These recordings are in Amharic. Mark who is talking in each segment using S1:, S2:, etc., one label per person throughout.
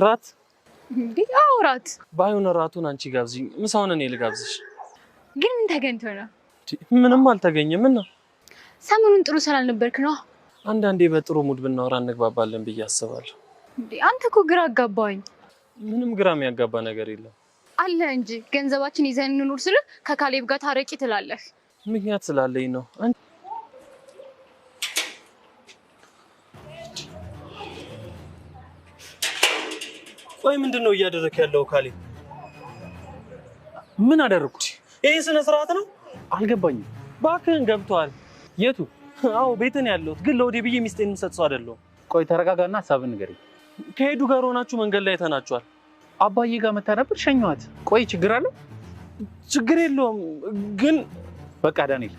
S1: እራት
S2: እንዴ? አዎ እራት።
S1: ባይሆን እራቱን አንቺ ጋብዝኝ፣ ምሳውን እኔ ልጋብዝሽ።
S2: ግን ምን ተገኝቶ ነው?
S1: ምንም አልተገኘም። እና
S2: ሰሞኑን ጥሩ ስላልነበርክ ነው።
S1: አንዳንዴ በጥሩ ሙድ ብናወራ እንግባባለን ብዬ አስባለሁ።
S2: አንተ እኮ ግራ አጋባኝ።
S1: ምንም ግራ የሚያጋባ ነገር የለም
S2: አለ እንጂ ገንዘባችን ይዘን እንኑር ስልህ ከካሌብ ጋር ታረቂ ትላለህ።
S1: ምክንያት ስላለኝ ነው። ቆይ ምንድን ነው እያደረክ ያለው? ካሌ ምን አደረኩት? ይህ ስነ ስርዓት ነው? አልገባኝም። እባክህን ገብቷል የቱ? አዎ ቤትን ያለሁት ግን ለወዴ ብዬ ሚስጤን የምሰጥ ሰው አይደለሁም። ቆይ ተረጋጋና ሀሳብን ንገረኝ። ከሄዱ ጋር ሆናችሁ መንገድ ላይ ተናችኋል። አባዬ ጋር መታ ነበር ሸኘኋት። ቆይ ችግር አለው? ችግር የለውም ግን በቃ ዳንኤል፣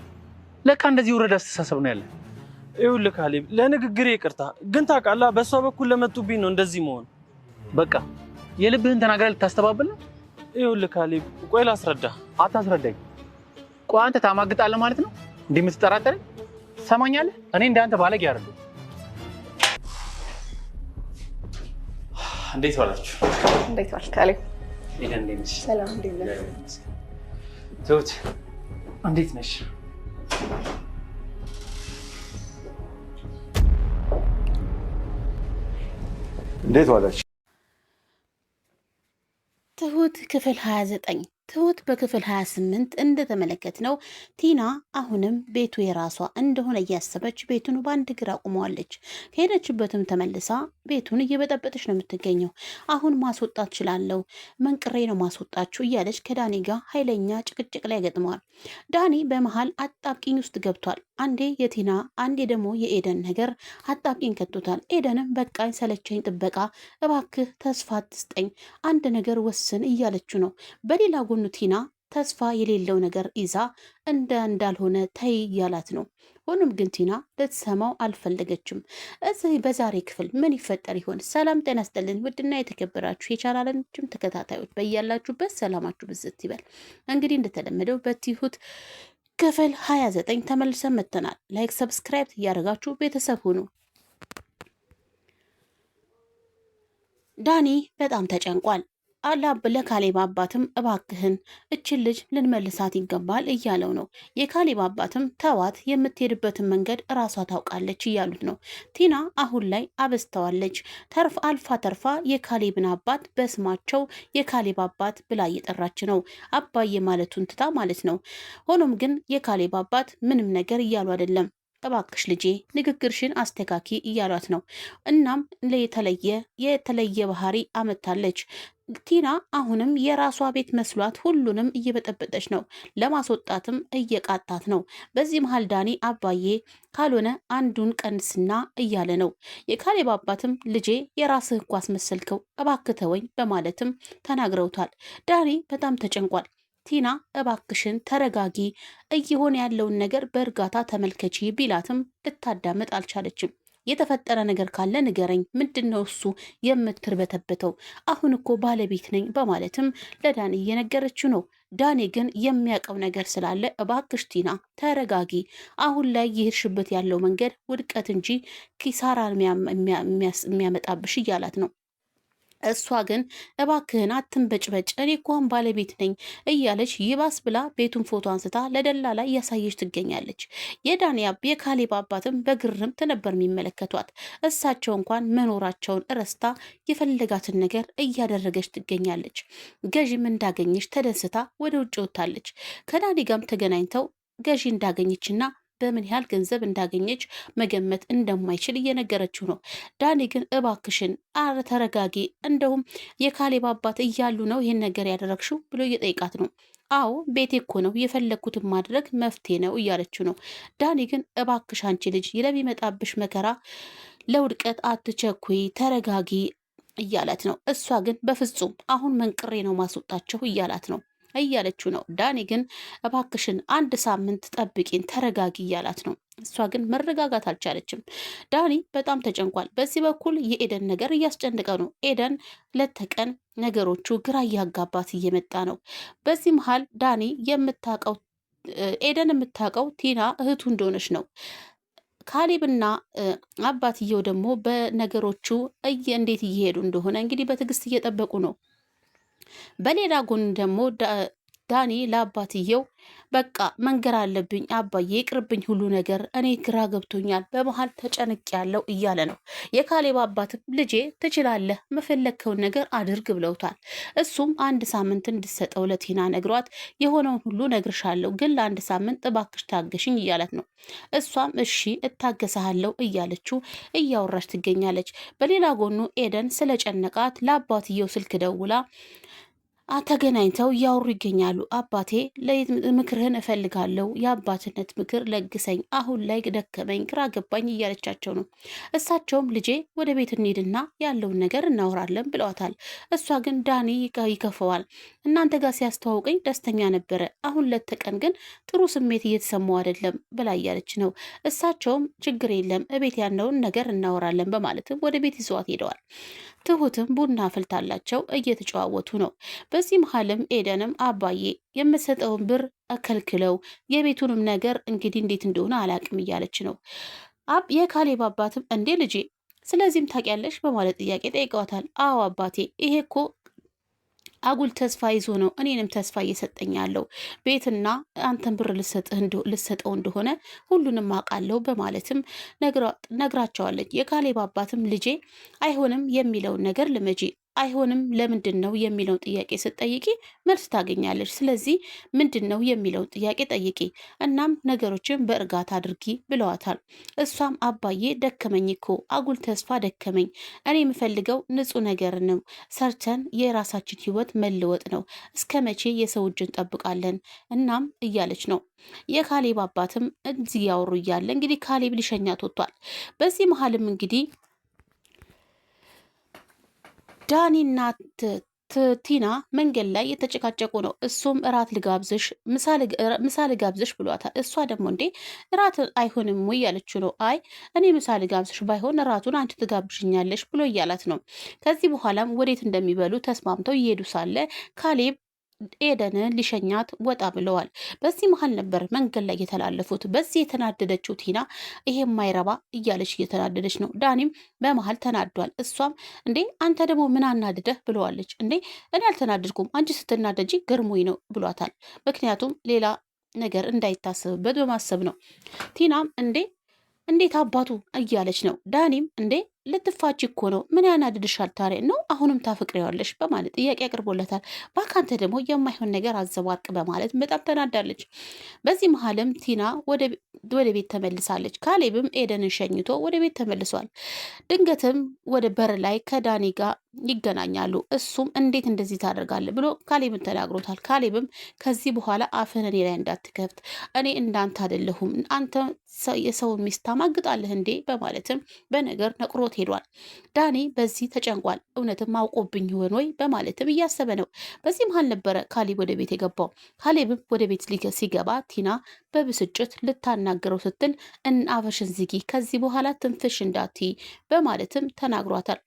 S1: ለካ እንደዚህ ውረድ አስተሳሰብ ነው ያለ። ይኸውልህ ካሌብ፣ ለንግግሬ ይቅርታ ግን ታውቃለህ፣ በእሷ በኩል ለመጡብኝ ነው እንደዚህ መሆን በቃ የልብህን ተናግረህ ልታስተባብል ነው? ይኸውልህ ካሌብ፣ ቆይ ላስረዳ። አታስረዳኝ። ቆይ አንተ ታማግጣለህ ማለት ነው? እንዲህ የምትጠራጠረኝ ትሰማኛለህ? እኔ እንዳንተ ባለጌ አይደለሁ። እንዴት ዋላችሁ?
S2: እንዴት ዋልክ ካሌብ?
S1: ትሁት? እንዴት ነሽ? እንዴት ዋላችሁ?
S2: ክፍል 29 ትሁት በክፍል 28 እንደተመለከት ነው። ቲና አሁንም ቤቱ የራሷ እንደሆነ እያሰበች ቤቱን በአንድ እግር አቁመዋለች። ከሄደችበትም ተመልሳ ቤቱን እየበጠበጠች ነው የምትገኘው። አሁን ማስወጣት ችላለሁ፣ መንቅሬ ነው ማስወጣችሁ እያለች ከዳኒ ጋር ኃይለኛ ጭቅጭቅ ላይ ገጥመዋል። ዳኒ በመሀል አጣብቂኝ ውስጥ ገብቷል። አንዴ የቲና አንዴ ደግሞ የኤደን ነገር አጣብቂኝ ከቶታል። ኤደንም በቃኝ ሰለቸኝ ጥበቃ፣ እባክህ ተስፋ አትስጠኝ፣ አንድ ነገር ወስን እያለችው ነው። በሌላ ጎ ከጎኑ ቲና ተስፋ የሌለው ነገር ይዛ እንደ እንዳልሆነ ተይ እያላት ነው። ሆኖም ግን ቲና ልትሰማው አልፈለገችም። እዚህ በዛሬ ክፍል ምን ይፈጠር ይሆን? ሰላም ጤና ይስጥልኝ ውድና የተከበራችሁ የቻናላችን ተከታታዮች በያላችሁበት ሰላማችሁ ብዝት ይበል። እንግዲህ እንደተለመደው በትሁት ክፍል 29 ተመልሰን መጥተናል። ላይክ ሰብስክራይብ እያደረጋችሁ ቤተሰብ ሁኑ። ዳኒ በጣም ተጨንቋል። ለካሌብ አባትም እባክህን እችን ልጅ ልንመልሳት ይገባል እያለው ነው። የካሌብ አባትም ተዋት፣ የምትሄድበትን መንገድ እራሷ ታውቃለች እያሉት ነው። ቲና አሁን ላይ አበዝተዋለች። ተርፍ አልፋ ተርፋ የካሌብን አባት በስማቸው የካሌብ አባት ብላ እየጠራች ነው፣ አባዬ ማለቱን ትታ ማለት ነው። ሆኖም ግን የካሌብ አባት ምንም ነገር እያሉ አይደለም። እባክሽ ልጄ ንግግርሽን አስተካኪ እያሏት ነው። እናም ለየተለየ የተለየ ባህሪ አመታለች። ቲና አሁንም የራሷ ቤት መስሏት ሁሉንም እየበጠበጠች ነው። ለማስወጣትም እየቃጣት ነው። በዚህ መሀል ዳኒ አባዬ ካልሆነ አንዱን ቀንስና እያለ ነው። የካሌብ አባትም ልጄ የራስህ እኮ አስመሰልከው እባክህ ተወኝ በማለትም ተናግረውታል። ዳኒ በጣም ተጨንቋል። ቲና እባክሽን ተረጋጊ፣ እየሆነ ያለውን ነገር በእርጋታ ተመልከቺ ቢላትም ልታዳምጥ አልቻለችም። የተፈጠረ ነገር ካለ ንገረኝ፣ ምንድን ነው እሱ የምትርበተበተው? አሁን እኮ ባለቤት ነኝ በማለትም ለዳኔ እየነገረችው ነው። ዳኔ ግን የሚያውቀው ነገር ስላለ እባክሽ ቲና ተረጋጊ፣ አሁን ላይ የሄድሽበት ያለው መንገድ ውድቀት እንጂ ኪሳራ የሚያመጣብሽ እያላት ነው። እሷ ግን እባክህን አትንበጭበጭ፣ እኔ እኮ ባለቤት ነኝ እያለች ይባስ ብላ ቤቱን ፎቶ አንስታ ለደላ ላይ እያሳየች ትገኛለች። የዳንያብ የካሌብ አባትም በግርምት ነበር የሚመለከቷት። እሳቸው እንኳን መኖራቸውን እረስታ የፈለጋትን ነገር እያደረገች ትገኛለች። ገዥም እንዳገኘች ተደስታ ወደ ውጭ ወጥታለች። ከዳኒ ጋርም ተገናኝተው ገዢ እንዳገኘችና በምን ያህል ገንዘብ እንዳገኘች መገመት እንደማይችል እየነገረችው ነው። ዳኒ ግን እባክሽን፣ አረ ተረጋጊ፣ እንደውም የካሌብ አባት እያሉ ነው ይህን ነገር ያደረግሽው ብሎ እየጠይቃት ነው። አዎ ቤቴ እኮ ነው የፈለግኩትን ማድረግ መፍትሄ ነው እያለችው ነው። ዳኒ ግን እባክሽ አንቺ ልጅ ለሚመጣብሽ መከራ ለውድቀት አትቸኩይ፣ ተረጋጊ እያላት ነው። እሷ ግን በፍጹም አሁን መንቅሬ ነው ማስወጣቸው እያላት ነው። እያለችው ነው። ዳኒ ግን እባክሽን አንድ ሳምንት ጠብቂን፣ ተረጋጊ እያላት ነው። እሷ ግን መረጋጋት አልቻለችም። ዳኒ በጣም ተጨንቋል። በዚህ በኩል የኤደን ነገር እያስጨንቀ ነው። ኤደን ለተቀን ነገሮቹ ግራ እያጋባት እየመጣ ነው። በዚህ መሀል ዳኒ የምታውቀው ኤደን የምታውቀው ቲና እህቱ እንደሆነች ነው። ካሌብና አባትየው ደግሞ በነገሮቹ እንዴት እየሄዱ እንደሆነ እንግዲህ በትዕግስት እየጠበቁ ነው። በሌላ ጎን ደግሞ ዳኔ ለአባትየው በቃ መንገር አለብኝ አባዬ፣ ይቅርብኝ ሁሉ ነገር፣ እኔ ግራ ገብቶኛል፣ በመሀል ተጨንቅ ያለው እያለ ነው። የካሌብ አባትም ልጄ ትችላለህ፣ መፈለግከውን ነገር አድርግ ብለውታል። እሱም አንድ ሳምንት እንድሰጠው ለቴና ነግሯት የሆነውን ሁሉ ነግርሻለሁ፣ ግን ለአንድ ሳምንት እባክሽ ታገሽኝ እያለት ነው። እሷም እሺ እታገሰሃለሁ እያለችው እያወራች ትገኛለች። በሌላ ጎኑ ኤደን ስለጨነቃት ለአባትየው ስልክ ደውላ ተገናኝተው እያወሩ ይገኛሉ። አባቴ ምክርህን እፈልጋለሁ፣ የአባትነት ምክር ለግሰኝ፣ አሁን ላይ ደከመኝ፣ ግራ ገባኝ እያለቻቸው ነው። እሳቸውም ልጄ ወደ ቤት እንሄድና ያለውን ነገር እናወራለን ብለዋታል። እሷ ግን ዳኒ ይከፈዋል፣ እናንተ ጋር ሲያስተዋውቀኝ ደስተኛ ነበረ፣ አሁን ለተቀን ግን ጥሩ ስሜት እየተሰማው አይደለም ብላ እያለች ነው። እሳቸውም ችግር የለም እቤት ያለውን ነገር እናወራለን በማለትም ወደ ቤት ይዘዋት ሄደዋል። ትሁትም ቡና ፍልታላቸው እየተጨዋወቱ ነው። በዚህ መሀልም ኤደንም አባዬ የምሰጠውን ብር አከልክለው የቤቱንም ነገር እንግዲህ እንዴት እንደሆነ አላቅም እያለች ነው። አብ የካሌብ አባትም እንዴ ልጄ ስለዚህም ታውቂያለሽ በማለት ጥያቄ ጠይቀዋታል። አዎ አባቴ፣ ይሄ እኮ አጉል ተስፋ ይዞ ነው እኔንም ተስፋ እየሰጠኝ ያለው ቤትና አንተን ብር ልሰጠው እንደሆነ ሁሉንም አውቃለሁ በማለትም ነግራቸዋለች። የካሌብ አባትም ልጄ አይሆንም የሚለውን ነገር ልመጂ አይሆንም ለምንድን ነው የሚለውን ጥያቄ ስትጠይቂ መልስ ታገኛለች። ስለዚህ ምንድን ነው የሚለውን ጥያቄ ጠይቂ፣ እናም ነገሮችን በእርጋታ አድርጊ ብለዋታል። እሷም አባዬ ደከመኝ እኮ አጉል ተስፋ ደከመኝ። እኔ የምፈልገው ንጹ ነገር ነው። ሰርተን የራሳችን ህይወት መለወጥ ነው። እስከ መቼ የሰው እጅ እንጠብቃለን? እናም እያለች ነው። የካሌብ አባትም እዚህ ያወሩ እያለ እንግዲህ ካሌብ ሊሸኛት ወጥቷል። በዚህ መሀልም እንግዲህ ዳኒና ቲና መንገድ ላይ የተጨቃጨቁ ነው። እሱም እራት ልጋብዝሽ፣ ምሳ ልጋብዝሽ ብሏታል። እሷ ደግሞ እንዴ እራት አይሆንም ወይ ያለችው ነው። አይ እኔ ምሳ ልጋብዝሽ ባይሆን እራቱን አንቺ ትጋብዥኛለሽ ብሎ እያላት ነው። ከዚህ በኋላም ወዴት እንደሚበሉ ተስማምተው እየሄዱ ሳለ ካሌብ ኤደንን ሊሸኛት ወጣ ብለዋል። በዚህ መሀል ነበር መንገድ ላይ የተላለፉት። በዚህ የተናደደችው ቲና ይሄ ማይረባ እያለች እየተናደደች ነው። ዳኒም በመሀል ተናዷል። እሷም እንዴ አንተ ደግሞ ምን አናድደህ ብለዋለች። እንዴ እኔ አልተናደድኩም አንቺ ስትናደጂ ገርሞኝ ነው ብሏታል። ምክንያቱም ሌላ ነገር እንዳይታሰብበት በማሰብ ነው። ቲናም እንዴ እንዴት አባቱ እያለች ነው። ዳኒም እንዴ ልትፋች እኮ ነው። ምን ያናድድሻል ታዲያ ነው? አሁንም ታፈቅሪዋለሽ በማለት ጥያቄ አቅርቦለታል። ባካንተ ደግሞ የማይሆን ነገር አዘባርቅ በማለት በጣም ተናዳለች። በዚህ መሀልም ቲና ወደ ቤት ተመልሳለች። ካሌብም ኤደንን ሸኝቶ ወደ ቤት ተመልሷል። ድንገትም ወደ በር ላይ ከዳኒ ጋር ይገናኛሉ። እሱም እንዴት እንደዚህ ታደርጋለህ ብሎ ካሌብን ተናግሮታል። ካሌብም ከዚህ በኋላ አፍህን እኔ ላይ እንዳትከፍት፣ እኔ እንዳንተ አይደለሁም፣ አንተ የሰውን ሚስት ታማግጣለህ እንዴ በማለትም በነገር ነቅሮት ሄዷል። ዳኔ በዚህ ተጨንቋል። እውነትም አውቆብኝ ይሆን ወይ በማለትም እያሰበ ነው። በዚህ መሀል ነበረ ካሌብ ወደ ቤት የገባው። ካሌብም ወደ ቤት ሲገባ ቲና በብስጭት ልታናገረው ስትል እናፈሽን ዝጊ፣ ከዚህ በኋላ ትንፍሽ እንዳት በማለትም ተናግሯታል።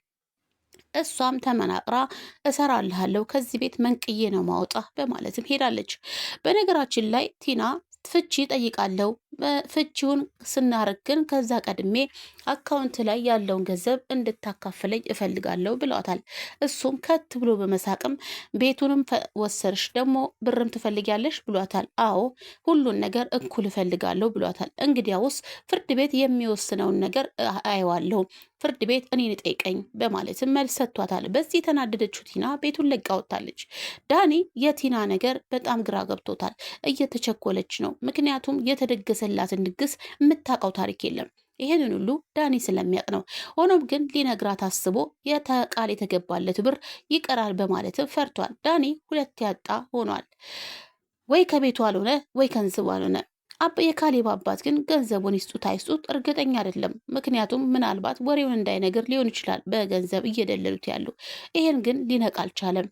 S2: እሷም ተመናቅራ እሰራልሃለሁ ከዚህ ቤት መንቅዬ ነው ማውጣ በማለትም ሄዳለች። በነገራችን ላይ ቲና ፍቺ ጠይቃለው። ፍቺውን ስናርግ ግን ከዛ ቀድሜ አካውንት ላይ ያለውን ገንዘብ እንድታካፍለኝ እፈልጋለሁ ብለዋታል። እሱም ከት ብሎ በመሳቅም ቤቱንም ወሰርሽ ደግሞ ብርም ትፈልጊያለሽ ብሏታል። አዎ ሁሉን ነገር እኩል እፈልጋለሁ ብሏታል። እንግዲያውስ ፍርድ ቤት የሚወስነውን ነገር አየዋለሁ። ፍርድ ቤት እኔን ጠይቀኝ በማለትም መልስ ሰጥቷታል። በዚህ የተናደደችው ቲና ቤቱን ለቃ ወጥታለች። ዳኒ የቲና ነገር በጣም ግራ ገብቶታል። እየተቸኮለች ነው። ምክንያቱም የተደገሰላትን ድግስ የምታውቀው ታሪክ የለም። ይህንን ሁሉ ዳኒ ስለሚያውቅ ነው። ሆኖም ግን ሊነግራት አስቦ ቃል የተገባለት ብር ይቀራል በማለትም ፈርቷል። ዳኒ ሁለት ያጣ ሆኗል። ወይ ከቤቱ አልሆነ ወይ ከንስቡ አልሆነ የካሌብ አባት ግን ገንዘቡን ይስጡት አይስጡት እርግጠኛ አይደለም። ምክንያቱም ምናልባት ወሬውን እንዳይነግር ሊሆን ይችላል በገንዘብ እየደለሉት ያሉ። ይሄን ግን ሊነቅ አልቻለም።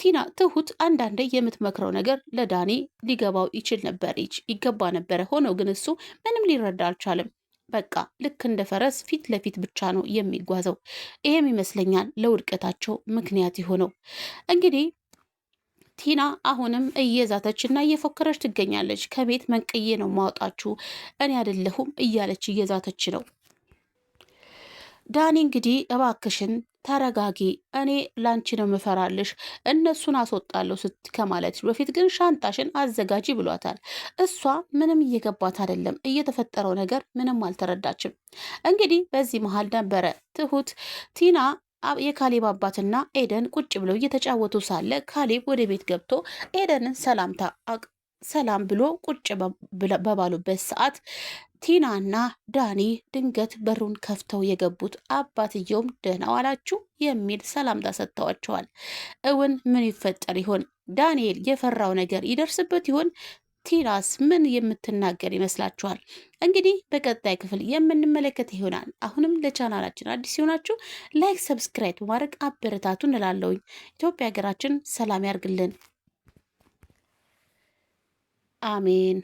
S2: ቲና ትሁት አንዳንዴ የምትመክረው ነገር ለዳኒ ሊገባው ይችል ነበር ይገባ ነበረ። ሆኖ ግን እሱ ምንም ሊረዳ አልቻለም። በቃ ልክ እንደ ፈረስ ፊት ለፊት ብቻ ነው የሚጓዘው። ይሄም ይመስለኛል ለውድቀታቸው ምክንያት የሆነው እንግዲህ ቲና አሁንም እየዛተች እና እየፎከረች ትገኛለች። ከቤት መንቅዬ ነው ማወጣችሁ እኔ አይደለሁም እያለች እየዛተች ነው። ዳኒ እንግዲህ እባክሽን ተረጋጊ፣ እኔ ላንቺ ነው ምፈራልሽ፣ እነሱን አስወጣለሁ ስት ከማለት በፊት ግን ሻንጣሽን አዘጋጂ ብሏታል። እሷ ምንም እየገባት አይደለም፣ እየተፈጠረው ነገር ምንም አልተረዳችም። እንግዲህ በዚህ መሀል ነበረ ትሁት ቲና የካሌብ አባትና ኤደን ቁጭ ብለው እየተጫወቱ ሳለ ካሌብ ወደ ቤት ገብቶ ኤደንን ሰላምታ ሰላም ብሎ ቁጭ በባሉበት ሰዓት ቲናና ዳኒ ድንገት በሩን ከፍተው የገቡት አባትየውም ደህና ዋላችሁ የሚል ሰላምታ ሰጥተዋቸዋል። እውን ምን ይፈጠር ይሆን? ዳንኤል የፈራው ነገር ይደርስበት ይሆን? ቲራስ ምን የምትናገር ይመስላችኋል? እንግዲህ በቀጣይ ክፍል የምንመለከት ይሆናል። አሁንም ለቻናላችን አዲስ ሲሆናችሁ ላይክ፣ ሰብስክራይብ በማድረግ አበረታቱ እንላለውኝ። ኢትዮጵያ ሀገራችን ሰላም ያርግልን፣ አሜን።